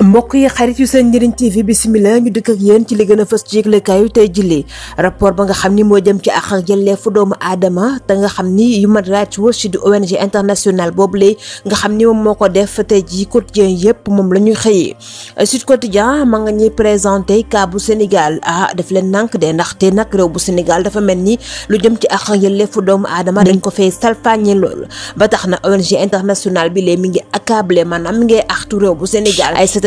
mbokk yi xarit yu seen njëriñ TV bisimilah ñu dëkk ak yéen ci li gën a fës ci yëglekaayu tey jile rapport ba nga xam ni moo jëm ci àq ak yelleefu doomu aadama te nga xam ni Human Rights Watch di ONG internationale boobu lay nga xam ni moom moo ko def tey ji quotidien yëpp moom la ñuy xëyee Sud Quotidien ma nga ñuy présenté cas Sénégal ah daf leen nànk de ndaxte nag bu Sénégal dafa mel ni lu jëm ci àq ak yelleefu doomu aadama dañ ko fay salfaañe lool ba tax na ONG international bi lay mi ngi accablé maanaam mi ngay axtu réew bu Sénégal ay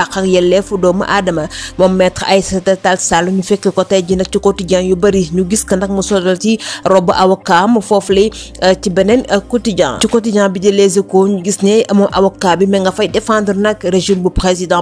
ak ak yelleefu doomu aadama moom maître Aïssata Tall Sall ñu fekk ko tey ji nag ci bi di Les Échos ñu gis ne moom avocat bi mais nga fay défendre nag régime bu président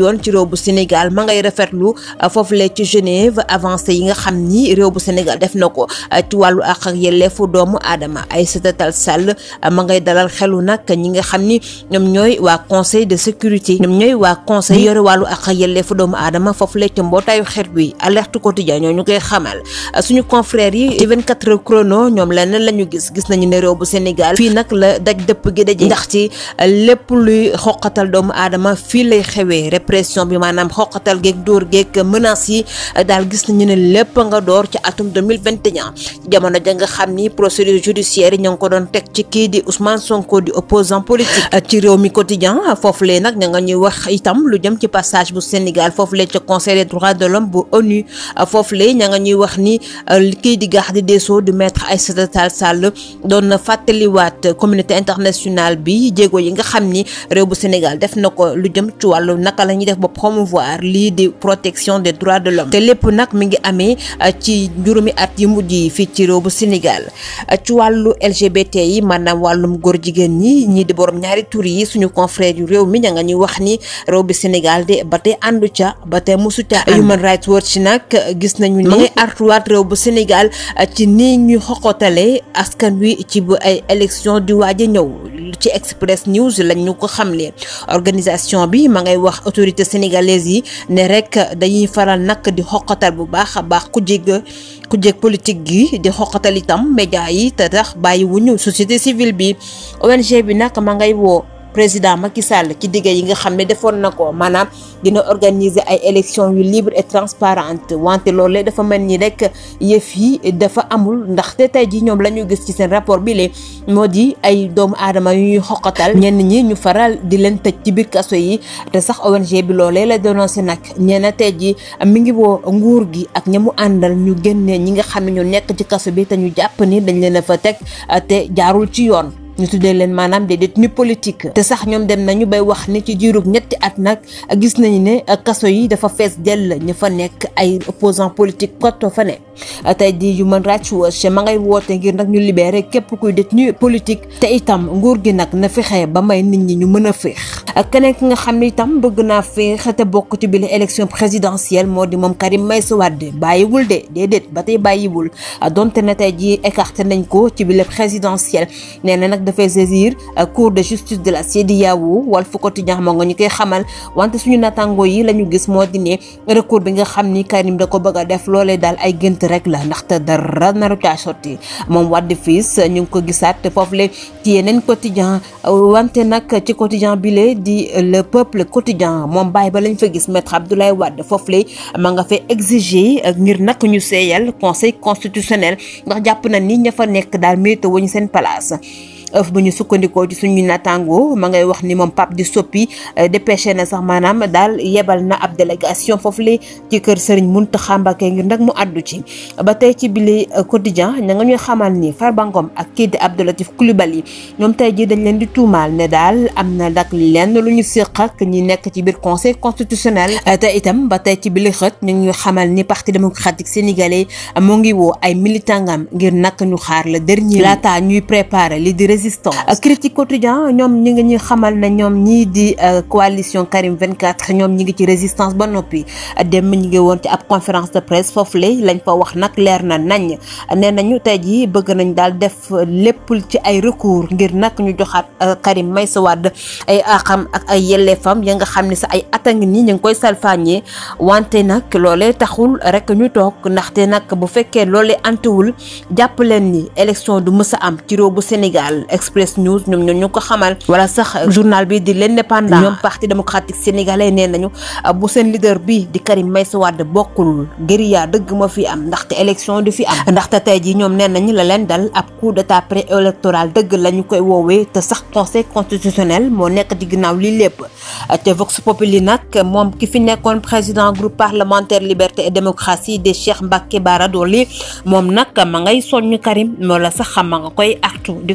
yoon ci réew bu Sénégal ma ngay rafetlu euh, foofu le ci Genève avancé yi nga xam ni réew bu Sénégal def na ko euh, ci wàllu ak ak yelleefu doomu aadama Aïssata Tall Sall euh, ma ngay dalal xelu nag ñi nga xam ni ñoom ñooy waa conseil de sécurité ñoom ñooy waa conseil bi walu ak yelleefu doom aadama fofu la ca mbootaayu xeet bi alerte quotidien ñu koy xamal suñu confrères yi 24 heures chrono ñom lenn lañu gis gis nañu né réew bu Sénégal fi nak la daj depp gi daje ndax ci lepp luy xoxatal doom aadama fi lay xewé répression bi manam xoxatal geeg dóor geeg menace yi daal gis nañu né lepp nga door ci atum 2021 jamono ja nga xamni procédure judiciaire yi ñoo ngi ko doon teg ci ki di Ousmane Sonko di opposant politique ci réew mi quotidien foofulee nak nga ñuy wax itam lu jëm ci passage bu Sénégal foofulee ci conseil des droits de l'homme bu ONU foofulee nga ñuy wax ni euh, kii di garde des sceaux du maître Aïssata Tall Sall doon na communauté internationale bi Diego yi nga xamni bu Sénégal def nako lu jëm ci wàllu naka la def ba promouvoir li di protection des droits de l'homme té lépp nak mi ngi amé euh, ci juróomi at yi ci réew bu Sénégal euh, ci wàllu LGBT yi maanaam wàllum góor jigéen ñi di borom ñaari tour yi suñu confrère réew mi ña nga ñuy wax ni réew bi Sénégal de ba te àndu ca ba te mosu ca Human Rights Watch nag gis nañu ni artuwaat réew bu Sénégal ah, ci nii ñuy xoqotale askan wi ci bu ay élection di waaj a ñëw ci Express News lañ ñu ko xamle organisation bi ma ngay wax autorité sénégalaise yi ne rek dañuy faral nag di xoqatal bu baax a baax ku jég ku jég politique gi di xoqatal itam média yi te tax bàyyi wuñu société civile bi ONG bi nag ma ngay woo président Macky Sall ci digge yi nga xam ne defoon na ko manaam dina organiser ay élections yu libre et transparente wante loole dafa mel ni rek yëf yi dafa amul ndaxte tey ji ñoom la gis ci seen rapport bi lee moo di ay doomu aadama yu ñuy xoqatal ñenn ñi ñu faral di leen tëj ci biir kaso yi te sax ONG bi loole la si nag ñeena tey ji mi ngi boo nguur gi ak ña mu àndal ñu génne ñi nga xam ne ñu nekk ci kaso bi te ñu jàpp ni dañ leen fa teg te jaarul ci yoon ñu tuddee leen maanaam des détenus politiques te sax ñoom dem nañu bay wax ni ci diirub ñetti at nag gis nañu ne kaso yi dafa fees dell ñu fa nekk ay opposants politiques kotto fa ne tey di Human Rights Watch ma ngay woote ngir nag ñu libéré képp kuy détenu politique te itam nguur gi nag na fexe ba may nit ñi ñu mën a ak keneen ki nga xam ne itam bëgg naa féex te bokk ci bile élection présidentielle moo di moom Karim may Meïssa Wade bàyyiwul de déedéet ba tey bàyyiwul donte na tey ji écarté nañ ko ci bile présidentielle nee nag dafay saisir euh, cour de justice de la CEDEAO Walf Quotidien moo nga Kamal, koy xamal wante suñu natango yi la ñu gis moo di ne recours bi nga xam Karim da ko bëgg a def loolee daal ay de rek la ndaxte dara naru caa sotti moom de fils euh, ñu ko le quotidien euh, wante nag ci quotidien le di le peuple quotidien mon bible ba lañ fa maître Abdoulaye Wade foofu ma nga exiger ngir nag ñu conseil constitutionnel ndax jàpp na ni ña fa nekk daal mérite wuñu place of bu ñu sukkandikoo ci suñu natango ma ngay wax ni mom pap di soppi eh, dépêché na sax manam dal yebal na ab délégation foofu le ci kër Serigne Mountakha Mbacké ngir nag mu addu ci ba tay ci bile eh, quotidien ña nga ñuy xamal ni farbangom ak kii Abdoulatif koulibaly ñom tay ji dañ leen di tuumaal ne dal am na dak lenn lu ñu séq ak ñi nekk ci bir conseil constitutionnel eh, ta itam ba tay ci bile xët ñu ngi xamal ni parti démocratique sénégalais mo ngi wo ay militangam ngir nak ñu xaar le dernier laata ñuy préparer li di résistance. Euh, critique quotidien ñoom ñi ngi ñuy xamal na ñoom ñii di euh, coalition Karim 24 ñoom ñi ngi ci résistance ba noppi dem ñi ngi woon ci ab conférence de presse foofu lañ fa wax nag leer na nañ nee nañu tey jii bëgg nañ daal def lépp ci ay recours ngir nag ñu joxaat euh, Karim Meïssa Wade ay axam ak ay fam ya nga xam ne sax ay atang nii ñu ngi koy salfaañee wante nag loolee taxul rek ñu toog ndaxte nag bu fekkee loolee antuwul jàpp leen du mës am ci bu Sénégal express news ñoom ñoo ñu ko xamal wala sax journal bi di l'indépendant ñoom parti démocratique sénégalais nee nañu bu seen leader bi di Karim Meïssa Wade bokkul guérilla dëgg ma fi am ndaxte élection du fi am ndaxte tey jii ñoom nee nañu la leen dal ab coup d'état pré-électoral dëgg la ñu koy woowee te sax conseil constitutionnel moo nekk di ginnaaw lii lépp te Vox Populi nag moom ki fi nekkoon président groupe parlementaire liberté et démocratie de Cheikh Mbacké Bara Dolly moom nag ma ngay soññ Karim wala ma nga koy artu di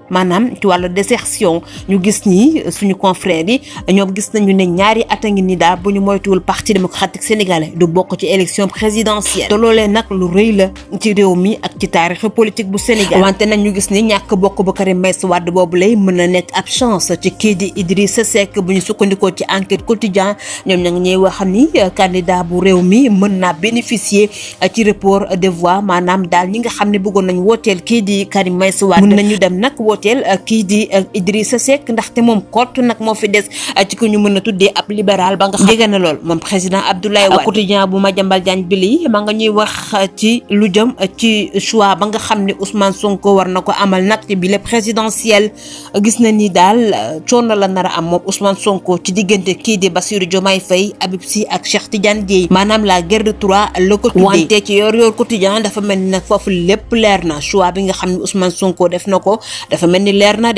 manam ci wàllu désertion ñu gis ni suñu confrères yi ñom gis nañu né ñaari atangi ni da bu ñu parti démocratique sénégalais du bokku ci élection présidentielle te loolee nag lu rëy la ci réew mi ak ci taarixu politique bu Sénégal wanté nañu gis ni ñàkk bokku ba Karim Meïssa Wade boobu lay mëna nek nekk ab chance ci kédi di Idrissa Seck bu ñu ci enquête quotidien ñom ñang ñey wax ni euh, candidat bu réew mi mëna bénéficier euh, ci report de voix manam dal ñi nga xamné bëggon bëggoon nañ wooteel kii Karim Meïssa Wade mën dem nak woote wooteel euh, kii di euh, Idrissa ndax te moom kott nag moo fi des euh, ci ko ñu mën a tuddee ab libéral ba nga xam jege lool moom président Abdoulaye Wade quotidien bu Madiambal Diagne bi lii ma nga ñuy wax ci lu jëm ci choix ba nga xam ni Ousmane Sonko war na ko amal nag ci bile présidentiel gis na ni daal coono la nar a am moom Ousmane Sonko ci diggante kii di Bassirou Diomaye Faye Habib Sy ak Cheikh Tidiane Dièye maanaam la guerre de trois la ko tuddee wante ci yor dafa mel ni nag foofu na choix bi nga xam ne Ousmane Sonko def na ko mel ni leer na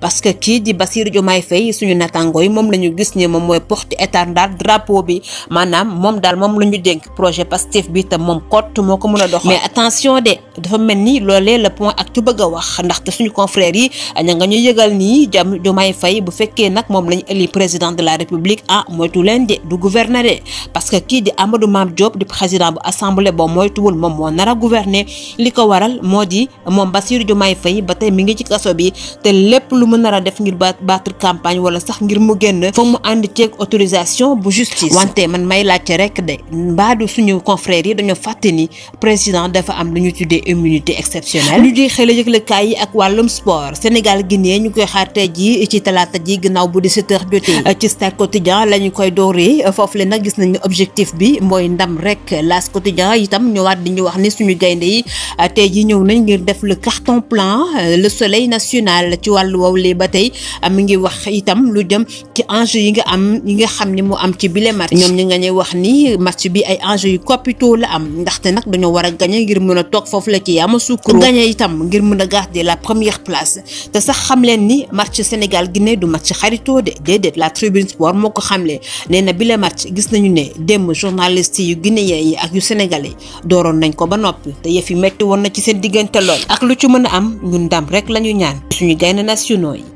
parce que qui di basir de Faye suñu natangoy mom lañu la ñu gis ne porte étendard drapeau bi manam mom dal mom la denk projet pastif bi tam mom cote moko meuna dox mais attention de dafa melni ni le point ak tu bëgg wax ndax à suñu confrères yi ñanga ñu yëgal ni jam Faye bu fekke nak mom lañu président de la république ah moytu leen de du gouverner parce que ki di Amadou Mame Diop di président bu assemblée bo moy tuul mom mo a gouverner liko waral modi mom basir Bassirou Diomaye Faye mi ngi ci kaso kaso bi te lépp lu mëna ra def ngir battre campagne wala sax ngir mu génn fa mu ànd ceeg autorisation bu justice wanté man may lacc rek de mbaadu suñu confrères yi dañu faté ni président dafa am lu ñu tuddee immunité exceptionnelle ñu di xëy la le kay ak walum sport Sénégal Guinée ñu koy xaar tey ji euh, ci talata ji gënaaw bu 17h jotee ci star Quotidien la koy doré euh, foofu le nag gis nañu objectif bi moy ndam rek L'As Quotidien itam ñëwaat di ñu wax ni suñu gaynde yi euh, tey ji ñëw nañ ngir def le carton plein Le Soleil national ci walu wowlee batay tey ah, mi ngi wax itam lu dem ci enjeu yi nga am yi nga xamni mu am ci bile match ñom ñi nga ñuy wax ni match bi ay enjeu yu copito la am ndaxte nak dañoo war a gagné ngir mëna tok fofu la ci Yamoussoukro gagner itam ngir mëna garder la première place te sax xam leen ni match Sénégal guiné du match xarito de déedéet la tribune sport moko xamlé xamle na bile match gis nañu né dem journaliste yu guinéen yi ak yu sénégalais doron nañ ko ba nopi te yefi metti won na ci sen digënté lool ak lu ci mëna am ñun ndam rek lañu União, Unidade Nacional